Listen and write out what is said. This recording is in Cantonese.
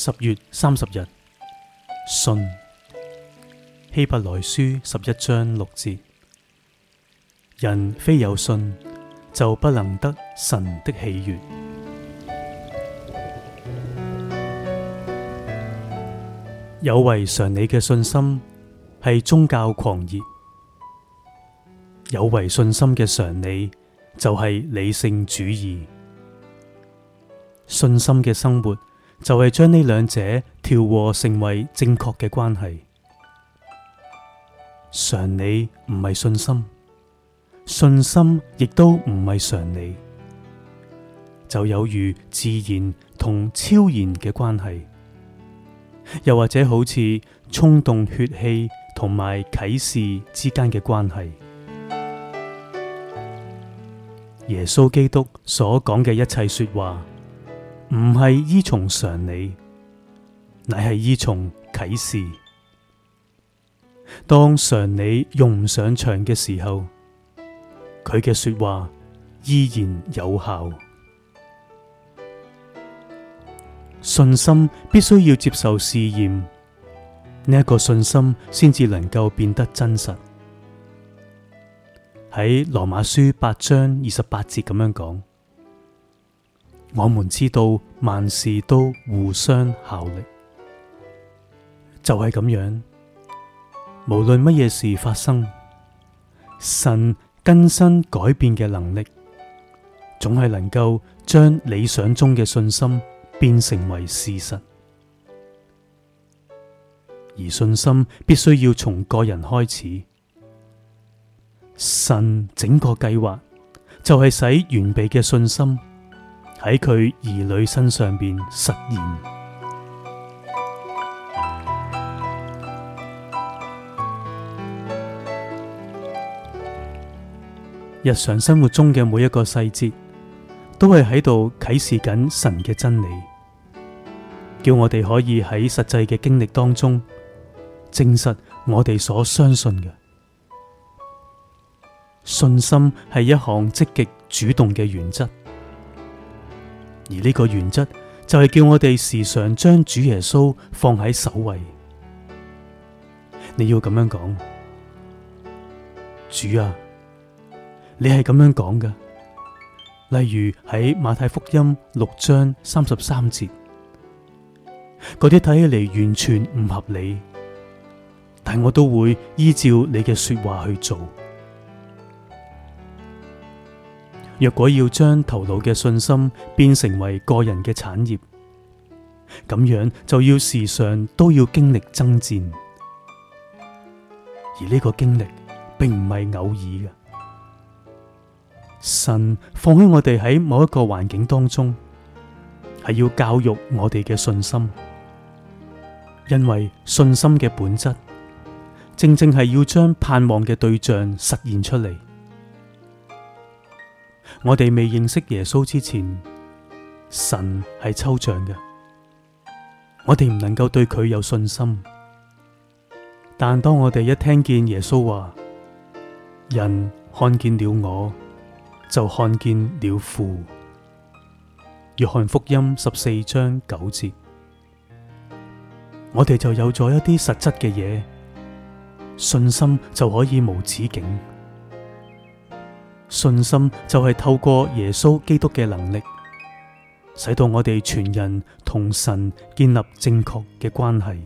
十月三十日，信希伯來書十一章六節：人非有信，就不能得神的喜悦。有違常理嘅信心係宗教狂熱；有違信心嘅常理就係、是、理性主義。信心嘅生活。就係將呢兩者調和成為正確嘅關係。常理唔係信心，信心亦都唔係常理。就有如自然同超然嘅關係，又或者好似衝動、血氣同埋啟示之間嘅關係。耶穌基督所講嘅一切說話。唔係依從常理，乃係依從啟示。當常理用唔上場嘅時候，佢嘅說話依然有效。信心必須要接受試驗，呢一個信心先至能夠變得真實。喺羅馬書八章二十八節咁樣講。我們知道，萬事都互相效力，就係咁樣。無論乜嘢事發生，神更新改變嘅能力，總係能夠將理想中嘅信心變成為事實。而信心必須要從個人開始，神整個計劃就係使完備嘅信心。喺佢兒女身上邊實現。日常生活中嘅每一個細節，都係喺度啟示緊神嘅真理，叫我哋可以喺實際嘅經歷當中證實我哋所相信嘅信心係一項積極主動嘅原則。而呢個原則就係叫我哋時常將主耶穌放喺首位。你要咁樣講，主啊，你係咁樣講㗎。例如喺馬太福音六章三十三節，嗰啲睇起嚟完全唔合理，但我都會依照你嘅說話去做。若果要將頭腦嘅信心變成為個人嘅產業，咁樣就要時常都要經歷爭戰，而呢個經歷並唔係偶爾嘅。神放喺我哋喺某一個環境當中，係要教育我哋嘅信心，因為信心嘅本質，正正係要將盼望嘅對象實現出嚟。我哋未認識耶穌之前，神係抽象嘅，我哋唔能夠對佢有信心。但當我哋一聽見耶穌話，人看見了我，就看見了父，約翰福音十四章九節，我哋就有咗一啲實質嘅嘢，信心就可以無止境。信心就係透過耶穌基督嘅能力，使到我哋全人同神建立正確嘅關係。